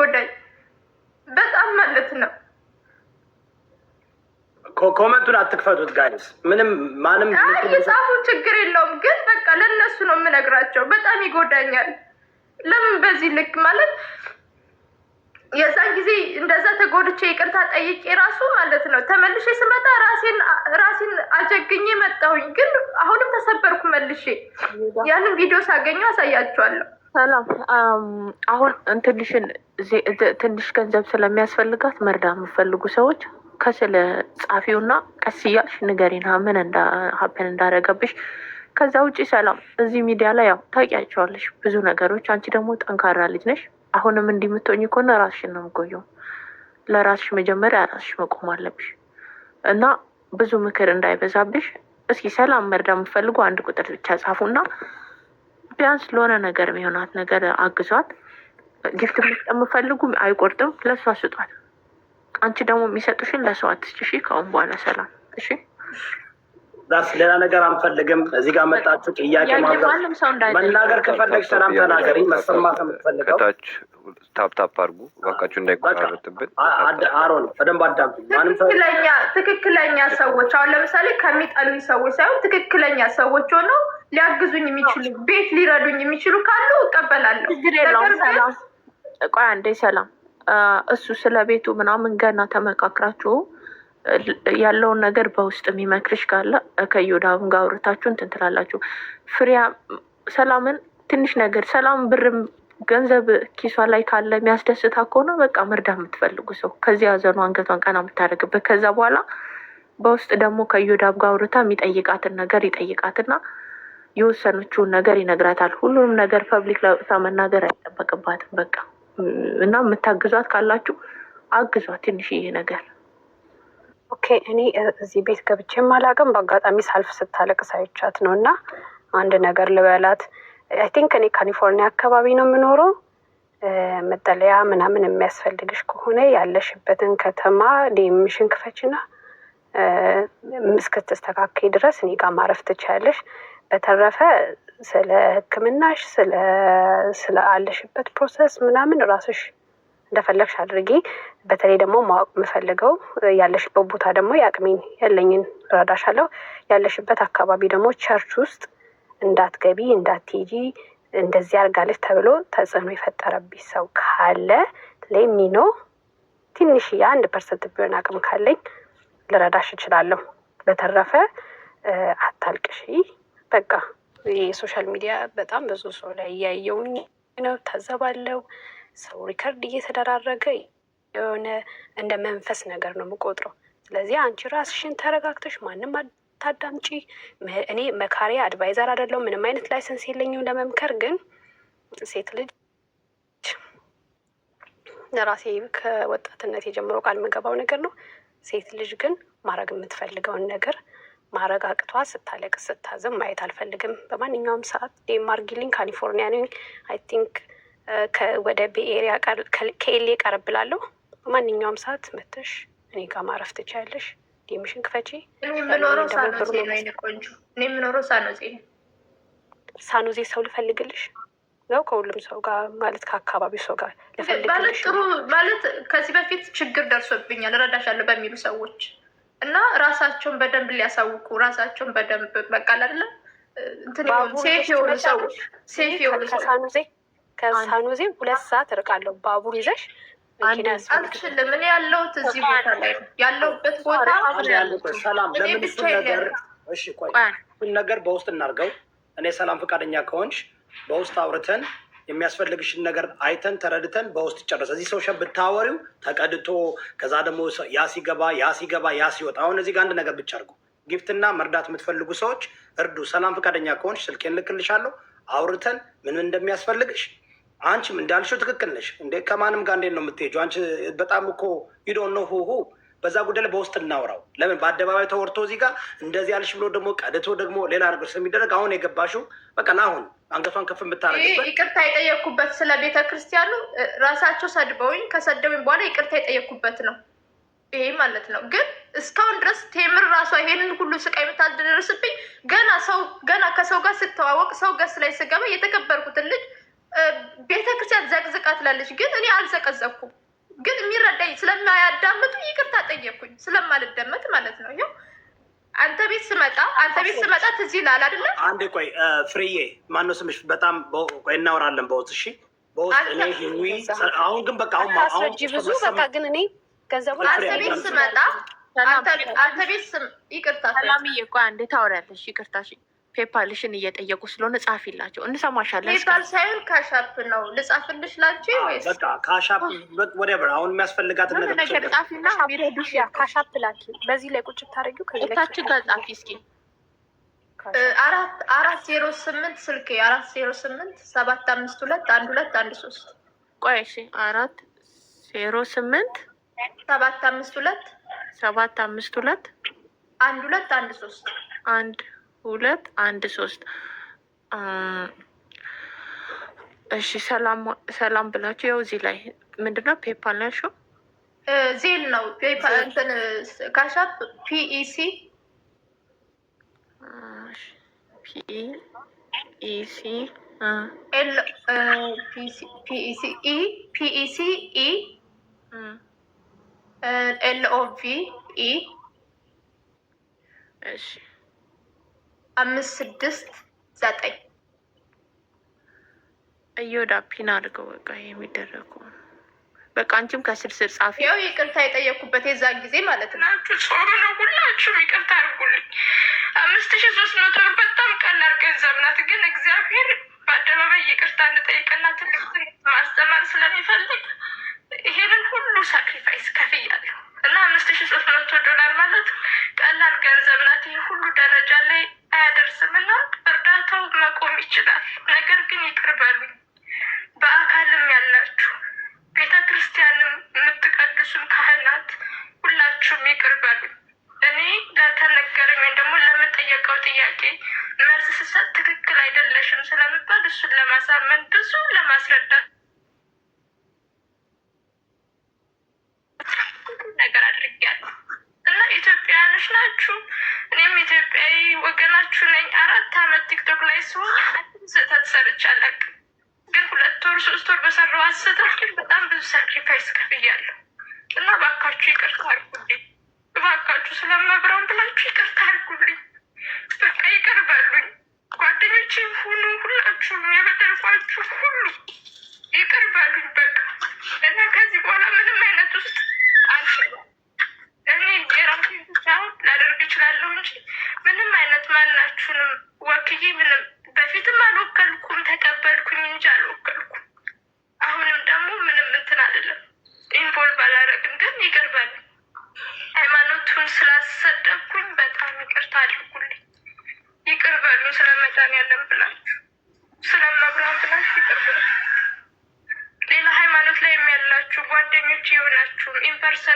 የሚጎዳኝ በጣም ማለት ነው። ኮመንቱን አትክፈቱት ጋይስ። ምንም ማንም የጻፉ ችግር የለውም፣ ግን በቃ ለእነሱ ነው የምነግራቸው። በጣም ይጎዳኛል። ለምን በዚህ ልክ ማለት የዛን ጊዜ እንደዛ ተጎድቼ ይቅርታ ጠይቄ ራሱ ማለት ነው ተመልሼ ስመጣ ራሴን ራሴን አጀግኜ መጣሁኝ። ግን አሁንም ተሰበርኩ መልሼ። ያንን ቪዲዮ ሳገኘው አሳያችኋለሁ። ሰላም አሁን እንትንሽን ትንሽ ገንዘብ ስለሚያስፈልጋት መርዳ የምፈልጉ ሰዎች ከስለ ጻፊውና ቀስ እያልሽ ንገሪና ምን ሀፕን እንዳደረገብሽ። ከዛ ውጭ ሰላም፣ እዚህ ሚዲያ ላይ ያው ታውቂያቸዋለሽ ብዙ ነገሮች። አንቺ ደግሞ ጠንካራ ልጅ ነሽ። አሁንም እንዲህ የምትሆኝ ከሆነ ራስሽን ነው የምትጎጂው። ለራስሽ መጀመሪያ ራስሽ መቆም አለብሽ እና ብዙ ምክር እንዳይበዛብሽ። እስኪ ሰላም መርዳ የምፈልጉ አንድ ቁጥር ብቻ ጻፉና ቢያንስ ለሆነ ነገር የሚሆናት ነገር አግዟት። ጊፍት መስጠት የምፈልጉ አይቆርጥም፣ ለእሷ ስጧት። አንቺ ደግሞ የሚሰጡሽን ለሰው አትስጪ። እሺ፣ ከአሁን በኋላ ሰላም። እሺ፣ ሌላ ነገር አንፈልግም። እዚህ ጋር መጣችሁ ጥያቄ መናገር ከፈለግ ሰላም ተናገሪ። መሰማት የምትፈልገው ከታች ታፕታፕ አድርጉ። እባካችሁ እንዳይቆራረጥብን። አሮን በደንብ አዳምጡ። ትክክለኛ ትክክለኛ ሰዎች አሁን ለምሳሌ ከሚጠሉኝ ሰዎች ሳይሆን ትክክለኛ ሰዎች ሆነው ሊያግዙኝ የሚችሉ ቤት ሊረዱኝ የሚችሉ ካሉ እቀበላለሁ። ቆይ አንዴ ሰላም፣ እሱ ስለ ቤቱ ምናምን ገና ተመካክራችሁ ያለውን ነገር በውስጥ የሚመክርሽ ካለ ከዮዳብም ጋር አውርታችሁ እንትን ትላላችሁ። ፍሬያ ሰላምን ትንሽ ነገር ሰላም ብርም ገንዘብ ኪሷ ላይ ካለ የሚያስደስታ ከሆነ በቃ መርዳ የምትፈልጉ ሰው ከዚህ ያዘኑ አንገቷን ቀና የምታደርግበት ከዛ በኋላ በውስጥ ደግሞ ከዮዳብ ጋር አውርታ የሚጠይቃትን ነገር ይጠይቃትና የወሰነችውን ነገር ይነግራታል። ሁሉንም ነገር ፐብሊክ ለውጥታ መናገር አይጠበቅባትም በቃ እና የምታግዟት ካላችሁ አግዟት። ትንሽዬ ነገር ኦኬ። እኔ እዚህ ቤት ገብቼ ማላቅም በአጋጣሚ ሳልፍ ስታለቅስ አይቻት ነው እና አንድ ነገር ልበላት። አይ ቲንክ እኔ ካሊፎርኒያ አካባቢ ነው የምኖረው። መጠለያ ምናምን የሚያስፈልግሽ ከሆነ ያለሽበትን ከተማ ዲምሽን ክፈችና እስክትስተካከይ ድረስ እኔ ጋር ማረፍ ትችያለሽ። በተረፈ ስለ ህክምናሽ ስለ አለሽበት ፕሮሰስ ምናምን ራስሽ እንደፈለግሽ አድርጊ። በተለይ ደግሞ ማወቅ የምፈልገው ያለሽበት ቦታ ደግሞ የአቅሜን ያለኝን እረዳሻለሁ። ያለሽበት አካባቢ ደግሞ ቸርች ውስጥ እንዳትገቢ እንዳትሄጂ፣ እንደዚህ አድርጋለች ተብሎ ተጽዕኖ የፈጠረብኝ ሰው ካለ ሚኖ ትንሽ የአንድ ፐርሰንት ቢሆን አቅም ካለኝ ልረዳሽ እችላለሁ። በተረፈ አታልቅሺ በቃ የሶሻል ሚዲያ በጣም ብዙ ሰው ላይ እያየውኝ ነው፣ ታዘባለው። ሰው ሪከርድ እየተደራረገ የሆነ እንደ መንፈስ ነገር ነው የምቆጥረው። ስለዚህ አንቺ ራስሽን ተረጋግተሽ ማንም ታዳምጪ። እኔ መካሪ አድቫይዘር አይደለሁም። ምንም አይነት ላይሰንስ የለኝም ለመምከር። ግን ሴት ልጅ ራሴ ከወጣትነት የጀምሮ ቃል የምገባው ነገር ነው። ሴት ልጅ ግን ማድረግ የምትፈልገውን ነገር ማረግ አቅቷ ስታለቅስ ስታዝም ማየት አልፈልግም። በማንኛውም ሰዓት ዴማርጊሊን ካሊፎርኒያ ነኝ። አይ ቲንክ ወደ ቤኤሪያ ከኤሌ ቀረብ ብላለሁ። በማንኛውም ሰዓት መተሽ እኔ ጋር ማረፍ ትችያለሽ። ዴምሽን ክፈቺ። የምኖረው ሳኖዜ ሳኖዜ ሰው ልፈልግልሽ ነው ከሁሉም ሰው ጋር ማለት ከአካባቢው ሰው ጋር ልፈልግልሽ ማለት ከዚህ በፊት ችግር ደርሶብኛል እረዳሻለሁ በሚሉ ሰዎች እና ራሳቸውን በደንብ ሊያሳውቁ ራሳቸውን በደንብ በቃል አይደለም እንትን ሴፍ የሆኑ ሰዎች ሴፍ የሆኑ ከሳኑዜ ከሳኑዜ ሁለት ሰዓት እርቃለሁ ባቡር ይዘሽ አልችልም። እኔ ያለሁት እዚህ ቦታ ላይ ያለሁበት ቦታ ሰላም ነገር በውስጥ እናርገው። እኔ ሰላም ፈቃደኛ ከሆንሽ በውስጥ አውርተን የሚያስፈልግሽን ነገር አይተን ተረድተን በውስጥ ጨረሰ። እዚህ ሰው ብታወሪው ተቀድቶ ከዛ ደግሞ ያ ሲገባ ያ ሲገባ ያ ሲወጣ። አሁን እዚህ ጋር አንድ ነገር ብቻ አድርጉ። ጊፍትና መርዳት የምትፈልጉ ሰዎች እርዱ። ሰላም ፈቃደኛ ከሆንሽ ስልኬን ልክልሻለሁ። አውርተን ምን እንደሚያስፈልግሽ አንቺም እንዳልሽው ትክክል ነሽ እንደ ከማንም ጋር እንዴት ነው የምትሄጁ? አንቺ በጣም እኮ ዩ ዶንት ኖ ሁ ሁ በዛ ጉዳይ ላይ በውስጥ እናውራው። ለምን በአደባባይ ተወርቶ እዚህ ጋር እንደዚህ አልሽ ብሎ ደግሞ ቀድቶ ደግሞ ሌላ ነገር ስለሚደረግ አሁን የገባሽው በቃ አሁን አንገቷን ከፍ የምታረግበት ይቅርታ የጠየኩበት ስለ ቤተ ክርስቲያኑ ራሳቸው ሰድበውኝ ከሰደቡኝ በኋላ ይቅርታ የጠየኩበት ነው። ይሄ ማለት ነው። ግን እስካሁን ድረስ ቴምር ራሷ ይሄንን ሁሉ ስቃይ የምታደርስብኝ ገና ሰው ገና ከሰው ጋር ስተዋወቅ ሰው ገስ ላይ ስገባ የተከበርኩትን ልጅ ቤተክርስቲያን ዘቅዝቃ ትላለች። ግን እኔ አልዘቀዘኩም። ግን የሚረዳኝ ስለማያዳምጡ ይቅርታ ጠየኩኝ፣ ስለማልደመጥ ማለት ነው። ይኸው አንተ ቤት ስመጣ አንተ ቤት ስመጣ ትዝ ይላል አይደለ? አንዴ ቆይ ፍሬዬ፣ ማነው ስምሽ? በጣም ቆይ እናወራለን በውስጥ እሺ። አሁን ግን በቃ አሁን አሁን ብዙ በቃ ግን እኔ ገንዘቡ አንተ ቤት ስመጣ አንተ ቤት ስም ይቅርታ ሰላምዬ፣ ቆይ አንዴ ታወሪያለሽ። ይቅርታ እሺ ፔፓልሽን እየጠየቁ ስለሆነ ጻፊላቸው፣ እንሰማሻለን። ፔፓል ሳይሆን ካሻፕ ነው። ልጻፍልሽ ላቸው ወይስ ካሻፕ ወደብር? አሁን የሚያስፈልጋት ነገር ነገር ጻፊና ቢረዱሽ ካሻፕ ላኪ። በዚህ ላይ ቁጭ ታደረጊው ከታችን ጋር ጻፊ እስኪ አራት አራት ዜሮ ስምንት ስልክ አራት ዜሮ ስምንት ሰባት አምስት ሁለት አንድ ሁለት አንድ ሶስት ቆይ እሺ አራት ዜሮ ስምንት ሰባት አምስት ሁለት ሰባት አምስት ሁለት አንድ ሁለት አንድ ሶስት አንድ ሁለት አንድ ሶስት እሺ ሰላም ሰላም ብላችሁ ያው እዚህ ላይ ምንድን ነው ፔፓል ነው ያልሺው? ዜል ነው ካሻፕ ፒኢሲ ፒኢሲ ፒኢሲ ኢ ኤልኦቪ ኢ እሺ አምስት ስድስት ዘጠኝ እየወዳ ፒን አድርገው በቃ የሚደረጉ በቃ አንቺም ከስር ስር ጻፊ። ያው ይቅርታ የጠየኩበት የዛን ጊዜ ማለት ነው። ጾም ነው። ሁላችሁም ይቅርታ አድርጉልኝ። አምስት ሺ ሶስት መቶ በጣም ቀላል ገንዘብ ናት፣ ግን እግዚአብሔር በአደባባይ ይቅርታ እንጠይቅላት ስህተት ሰርቻለሁ ግን ሁለት ወር ሶስት ወር በሰራው አስተ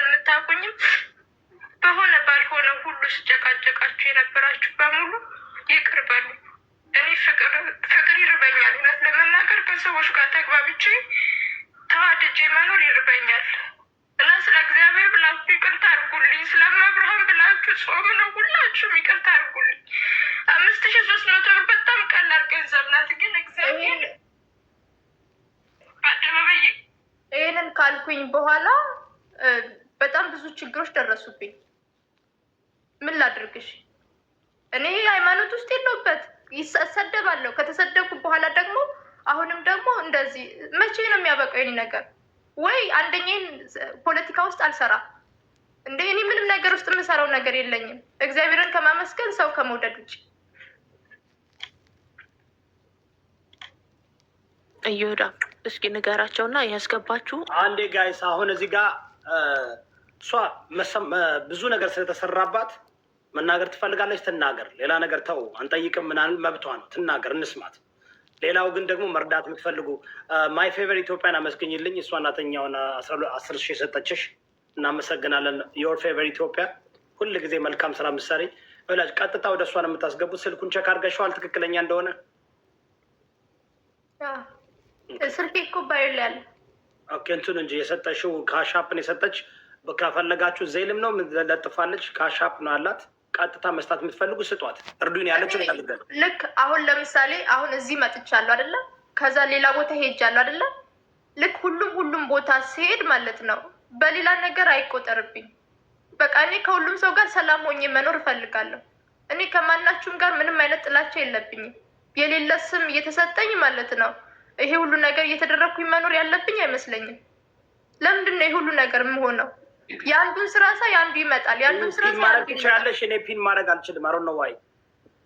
የምታውቁኝም በሆነ ባልሆነ ሁሉ ስጨቃጨቃችሁ የነበራችሁ በሙሉ ይቅርበሉ። እኔ ፍቅር ይርበኛል። እውነት ለመናገር ከሰዎች ጋር ተግባብቼ ተዋድጄ መኖር ይርበኛል እና ስለ እግዚአብሔር ብላችሁ ይቅርታ አድርጉልኝ። ስለ መብርሃን ብላችሁ ጾም ነው፣ ሁላችሁም ይቅርታ አድርጉልኝ። አምስት ሺ ሶስት መቶ ብር በጣም ቀላል ገንዘብ ናት፣ ግን እግዚአብሔር አደባባይ ይህንን ካልኩኝ በኋላ በጣም ብዙ ችግሮች ደረሱብኝ። ምን ላድርግሽ? እኔ ሃይማኖት ውስጥ የለውበት ይሰደባለሁ። ከተሰደብኩ በኋላ ደግሞ አሁንም ደግሞ እንደዚህ መቼ ነው የሚያበቃው? የኔ ነገር ወይ አንደኛን ፖለቲካ ውስጥ አልሰራም እንደ እኔ ምንም ነገር ውስጥ የምሰራው ነገር የለኝም እግዚአብሔርን ከማመስገን ሰው ከመውደድ ውጭ። እየወዳ እስኪ ንገራቸውና ያስገባችሁ አንዴ ጋይስ አሁን እዚህ ጋር እሷ ብዙ ነገር ስለተሰራባት መናገር ትፈልጋለች፣ ትናገር። ሌላ ነገር ተው አንጠይቅም፣ ምናምን መብቷ ነው፣ ትናገር፣ እንስማት። ሌላው ግን ደግሞ መርዳት የምትፈልጉ ማይ ፌቨር ኢትዮጵያን አመስገኝልኝ። እሷ እናተኛውን አስር ሺህ የሰጠችሽ እናመሰግናለን። ዮር ፌቨር ኢትዮጵያ ሁል ጊዜ መልካም ስራ ምሳሌ ብላች ቀጥታ ወደ እሷን የምታስገቡት። ስልኩን ቸክ አድርገሽዋል ትክክለኛ እንደሆነ ስልኬ እኮ እንትን እንጂ የሰጠሽው ካሻፕን የሰጠች ከፈለጋችሁ ዘይልም ነው ለጥፋለች። ካሻፕ ነው አላት። ቀጥታ መስጠት የምትፈልጉ ስጧት። እርዱን ያለችው ልክ አሁን ለምሳሌ አሁን እዚህ መጥቻለሁ አይደለም፣ ከዛ ሌላ ቦታ ሄጃለሁ አይደለም። ልክ ሁሉም ሁሉም ቦታ ሲሄድ ማለት ነው በሌላ ነገር አይቆጠርብኝ። በቃ እኔ ከሁሉም ሰው ጋር ሰላም ሆኜ መኖር እፈልጋለሁ። እኔ ከማናችሁም ጋር ምንም አይነት ጥላቻ የለብኝም። የሌለ ስም እየተሰጠኝ ማለት ነው ይሄ ሁሉ ነገር እየተደረግኩኝ መኖር ያለብኝ አይመስለኝም። ለምንድን ነው ይሄ ሁሉ ነገር የምሆነው? የአንዱን ስራ ሳ የአንዱ ይመጣል። የአንዱን ስራ ሳ ማድረግ ትችላለሽ። እኔ ፒን ማድረግ አልችልም። አሮ ነው ዋይ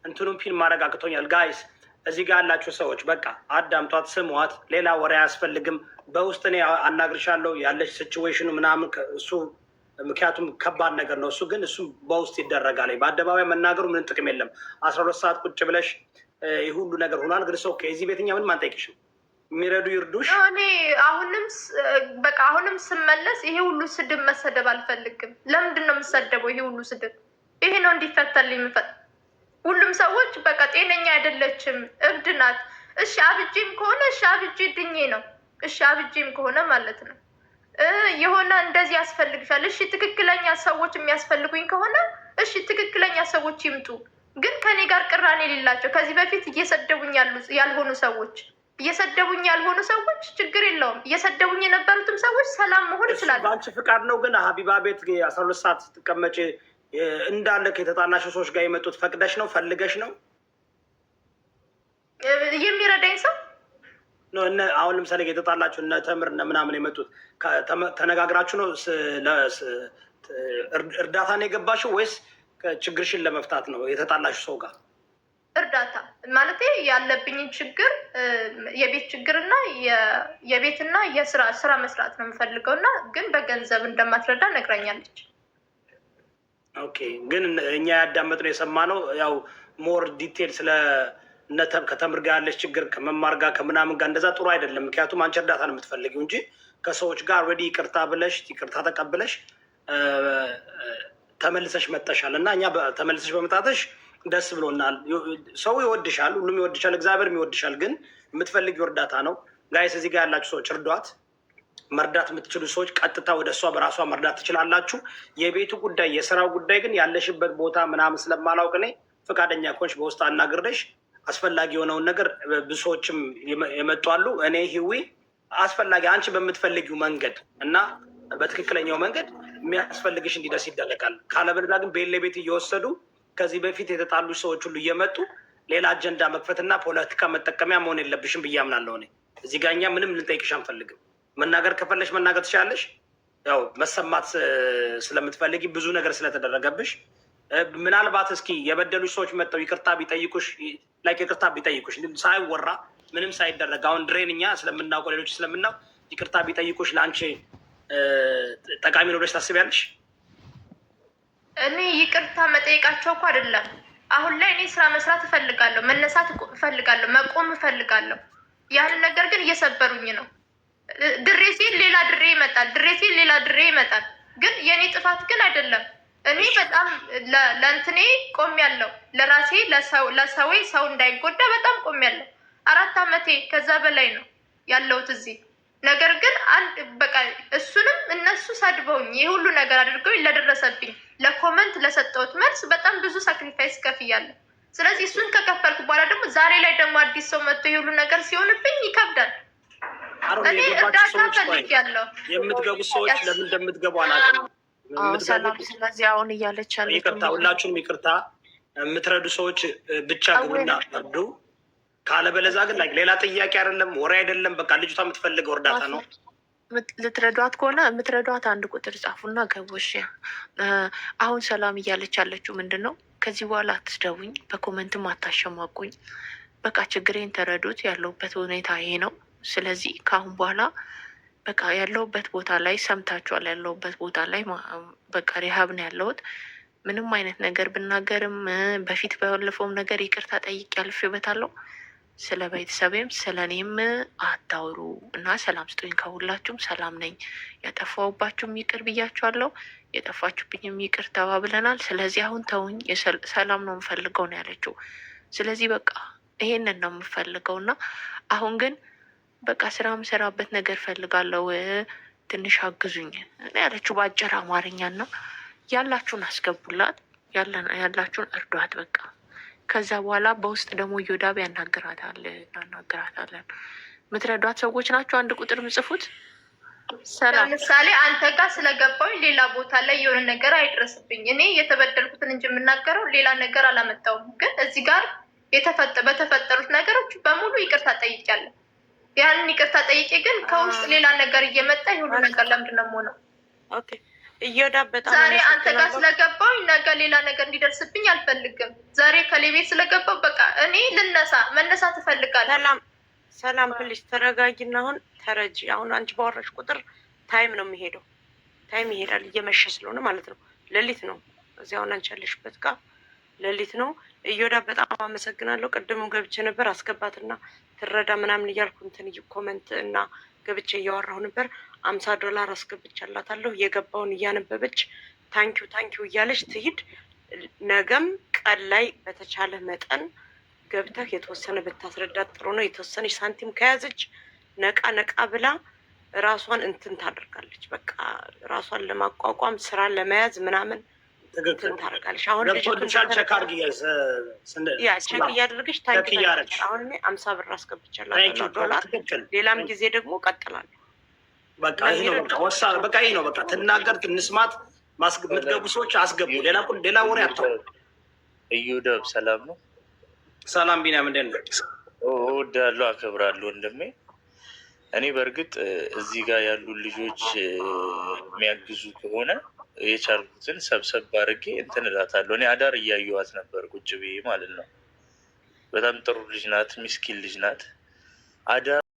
እንትኑም ፒን ማድረግ አቅቶኛል። ጋይስ እዚህ ጋር ያላችሁ ሰዎች በቃ አዳምጧት፣ ስሟት። ሌላ ወሬ አያስፈልግም። በውስጥ እኔ አናግርሻለሁ ያለች ሲችዌሽኑ ምናምን እሱ ምክንያቱም ከባድ ነገር ነው እሱ ግን እሱ በውስጥ ይደረጋል። በአደባባይ መናገሩ ምንም ጥቅም የለም። አስራ ሁለት ሰዓት ቁጭ ብለሽ ይህ ሁሉ ነገር ሆኗል። ግን ሰው ከዚህ ቤተኛ ምንም አንጠይቅሽም። የሚረዱ ይርዱሽ። እኔ አሁንም በቃ አሁንም ስመለስ ይሄ ሁሉ ስድብ መሰደብ አልፈልግም። ለምንድን ነው የምሰደበው? ይሄ ሁሉ ስድብ ይሄ ነው እንዲፈታልኝ የምፈል ሁሉም ሰዎች በቃ ጤነኛ አይደለችም፣ እብድ ናት። እሺ አብጄም ከሆነ እሺ አብጄ ድኜ ነው እሺ አብጄም ከሆነ ማለት ነው የሆነ እንደዚህ ያስፈልግሻል። እሺ ትክክለኛ ሰዎች የሚያስፈልጉኝ ከሆነ እሺ ትክክለኛ ሰዎች ይምጡ። ግን ከኔ ጋር ቅራኔ የሌላቸው ከዚህ በፊት እየሰደቡኝ ያልሆኑ ሰዎች እየሰደቡኝ ያልሆኑ ሰዎች ችግር የለውም። እየሰደቡኝ የነበሩትም ሰዎች ሰላም መሆን ይችላል። በአንቺ ፍቃድ ነው። ግን ሀቢባ ቤት አስራ ሁለት ሰዓት ስትቀመጭ እንዳለ ከተጣላሽ ሰዎች ጋር የመጡት ፈቅደሽ ነው ፈልገሽ ነው የሚረዳኝ ሰው አሁን ለምሳሌ የተጣላችሁ እነ ተምር እነ ምናምን የመጡት ተነጋግራችሁ ነው እርዳታ ነው የገባሽው ወይስ ችግርሽን ለመፍታት ነው የተጣላችሁ ሰው ጋር? እርዳታ ማለት ያለብኝን ችግር የቤት ችግርና የቤትና የስራ ስራ መስራት ነው የምፈልገው እና ግን በገንዘብ እንደማትረዳ ነግራኛለች። ኦኬ ግን እኛ ያዳመጥነው የሰማነው ያው ሞር ዲቴል ስለ ከተምር ጋር ያለች ችግር ከመማር ጋር ከምናምን ጋር እንደዛ ጥሩ አይደለም። ምክንያቱም አንቺ እርዳታ ነው የምትፈልጊው እንጂ ከሰዎች ጋር ወዲህ ይቅርታ ብለሽ ይቅርታ ተቀብለሽ ተመልሰሽ መጠሻል እና እኛ ተመልሰሽ በመጣተሽ ደስ ብሎናል። ሰው ይወድሻል፣ ሁሉም ይወድሻል፣ እግዚአብሔርም ይወድሻል። ግን የምትፈልጊው እርዳታ ነው። ጋይስ እዚህ ጋር ያላችሁ ሰዎች እርዷት። መርዳት የምትችሉ ሰዎች ቀጥታ ወደ እሷ በራሷ መርዳት ትችላላችሁ። የቤቱ ጉዳይ፣ የስራው ጉዳይ ግን ያለሽበት ቦታ ምናምን ስለማላውቅ እኔ ፈቃደኛ ከሆንሽ በውስጥ አናግርደሽ አስፈላጊ የሆነውን ነገር ብሶዎችም የመጡ አሉ። እኔ ህዊ አስፈላጊ አንቺ በምትፈልጊው መንገድ እና በትክክለኛው መንገድ የሚያስፈልግሽ እንዲደርስ ይደረጋል። ካለበለዚያ ግን ቤሌ ቤት እየወሰዱ ከዚህ በፊት የተጣሉ ሰዎች ሁሉ እየመጡ ሌላ አጀንዳ መክፈትና ፖለቲካ መጠቀሚያ መሆን የለብሽም ብዬ አምናለሁ። እኔ እዚህ ጋር እኛ ምንም ልንጠይቅሽ አንፈልግም። መናገር ከፈለሽ መናገር ትችላለሽ። ያው መሰማት ስለምትፈልጊ ብዙ ነገር ስለተደረገብሽ ምናልባት እስኪ የበደሉሽ ሰዎች መጥተው ይቅርታ ቢጠይቁሽ ላይክ ይቅርታ ቢጠይቁሽ ሳይወራ ምንም ሳይደረግ አሁን ድሬን እኛ ስለምናውቀው ሌሎች ስለምናውቅ ይቅርታ ቢጠይቁሽ ለአንቺ ጠቃሚ ነው ብለሽ ታስቢያለሽ? እኔ ይቅርታ መጠየቃቸው እኮ አይደለም። አሁን ላይ እኔ ስራ መስራት እፈልጋለሁ፣ መነሳት እፈልጋለሁ፣ መቆም እፈልጋለሁ። ያንን ነገር ግን እየሰበሩኝ ነው። ድሬ ሲል ሌላ ድሬ ይመጣል፣ ድሬ ሲል ሌላ ድሬ ይመጣል። ግን የእኔ ጥፋት ግን አይደለም። እኔ በጣም ለእንትኔ ያለው ለራሴ ለሰዌ ሰው እንዳይጎዳ በጣም ቆም ያለው አራት አመቴ ከዛ በላይ ነው ያለሁት እዚህ ነገር ግን አንድ በቃ እሱንም እነሱ ሰድበውኝ ይህ ሁሉ ነገር አድርገው ለደረሰብኝ ለኮመንት ለሰጠሁት መልስ በጣም ብዙ ሳክሪፋይስ ከፍያለሁ። ስለዚህ እሱን ከከፈልኩ በኋላ ደግሞ ዛሬ ላይ ደግሞ አዲስ ሰው መጥቶ የሁሉ ነገር ሲሆንብኝ ይከብዳል። እኔ እርዳታ ፈልጊያለሁ። የምትገቡ ሰዎች ለምን እንደምትገቡ አላውቅም። ሰላም። ስለዚህ አሁን እያለች ያለ ይቅርታ፣ ሁላችሁም ይቅርታ። የምትረዱ ሰዎች ብቻ ግቡና እርዱ። ካለበለዛ ግን ሌላ ጥያቄ አይደለም፣ ወሬ አይደለም። በቃ ልጅቷ የምትፈልገው እርዳታ ነው። ልትረዷት ከሆነ የምትረዷት አንድ ቁጥር ጻፉና ገቦሽ። አሁን ሰላም እያለች ያለችው ምንድን ነው? ከዚህ በኋላ አትስደቡኝ፣ በኮመንትም አታሸማቁኝ። በቃ ችግሬን ተረዱት፣ ያለውበት ሁኔታ ይሄ ነው። ስለዚህ ከአሁን በኋላ በቃ ያለውበት ቦታ ላይ ሰምታችኋል። ያለውበት ቦታ ላይ በቃ ሪሀብ ነው ምንም አይነት ነገር ብናገርም በፊት ባለፈውም ነገር ይቅርታ ጠይቄ አልፌበታለሁ። ስለ ቤተሰቤም ስለ እኔም አታውሩ እና ሰላም ስጡኝ። ከሁላችሁም ሰላም ነኝ። የጠፋሁባችሁም ይቅር ብያችኋለሁ፣ የጠፋችሁብኝም ይቅር ተባብለናል። ስለዚህ አሁን ተውኝ፣ ሰላም ነው የምፈልገው ነው ያለችው። ስለዚህ በቃ ይሄንን ነው የምፈልገው እና አሁን ግን በቃ ስራ የምሰራበት ነገር ፈልጋለሁ፣ ትንሽ አግዙኝ ያለችው በአጭር አማርኛ እና ያላችሁን አስገቡላት፣ ያላችሁን እርዷት በቃ ከዛ በኋላ በውስጥ ደግሞ እዮዳብ ያናግራታል እናናግራታለን። ምትረዷት ሰዎች ናቸው። አንድ ቁጥር ምጽፉት። ለምሳሌ አንተ ጋር ስለገባኝ ሌላ ቦታ ላይ የሆነ ነገር አይድረስብኝ። እኔ የተበደልኩትን እንጂ የምናገረው ሌላ ነገር አላመጣውም። ግን እዚህ ጋር በተፈጠሩት ነገሮች በሙሉ ይቅርታ ጠይቄያለሁ። ያንን ይቅርታ ጠይቄ ግን ከውስጥ ሌላ ነገር እየመጣ የሁሉ ነገር ለምንድን ነው የምሆነው? ዛሬ አንተ ጋር ስለገባሁኝ ነገ ሌላ ነገር እንዲደርስብኝ አልፈልግም። ዛሬ ከሌቤት ስለገባሁ በቃ እኔ ልነሳ መነሳ እፈልጋለሁ። ሰላም ሰላም፣ ፕሊስ ተረጋጊና አሁን ተረጂ። አሁን አንቺ ባወራሽ ቁጥር ታይም ነው የሚሄደው፣ ታይም ይሄዳል። እየመሸ ስለሆነ ማለት ነው፣ ሌሊት ነው። እዚህ አሁን አንቺ ያለሽበት ጋ ሌሊት ነው። እየወዳ በጣም አመሰግናለሁ። ቅድሙ ገብቼ ነበር አስገባትና ትረዳ ምናምን እያልኩ እንትን ኮመንት እና ገብቼ እያወራሁ ነበር። አምሳ ዶላር አስገብቻላታለሁ የገባውን እያነበበች ታንኪው ታንኪው እያለች ትሂድ። ነገም ቀን ላይ በተቻለ መጠን ገብተህ የተወሰነ ብታስረዳት ጥሩ ነው። የተወሰነች ሳንቲም ከያዘች ነቃ ነቃ ብላ ራሷን እንትን ታደርጋለች። በቃ ራሷን ለማቋቋም ስራ ለመያዝ ምናምን ትክክል ታደርጋለሽ። አሁን ቸክ አድርጊ፣ ቸክ እያደረገች አሁን አምሳ ብር አስገብቻለሁ ዶላር። ሌላም ጊዜ ደግሞ ቀጥላለሁ። በቃ ነው በቃ በቃ ነው በቃ ትናገር፣ ትንስማት። የምትገቡ ሰዎች አስገቡ። ሌላ ሌላ ወሬ እዩ ደብ ሰላም ነው። ሰላም ቢኒያም፣ እንዴት እወዳለሁ፣ አከብራለሁ ወንድሜ እኔ በእርግጥ እዚህ ጋር ያሉ ልጆች የሚያግዙ ከሆነ የቻልኩትን ሰብሰብ አድርጌ እንትን እላታለሁ። እኔ አዳር እያየኋት ነበር ቁጭ ብዬ ማለት ነው። በጣም ጥሩ ልጅ ናት፣ ሚስኪን ልጅ ናት አዳር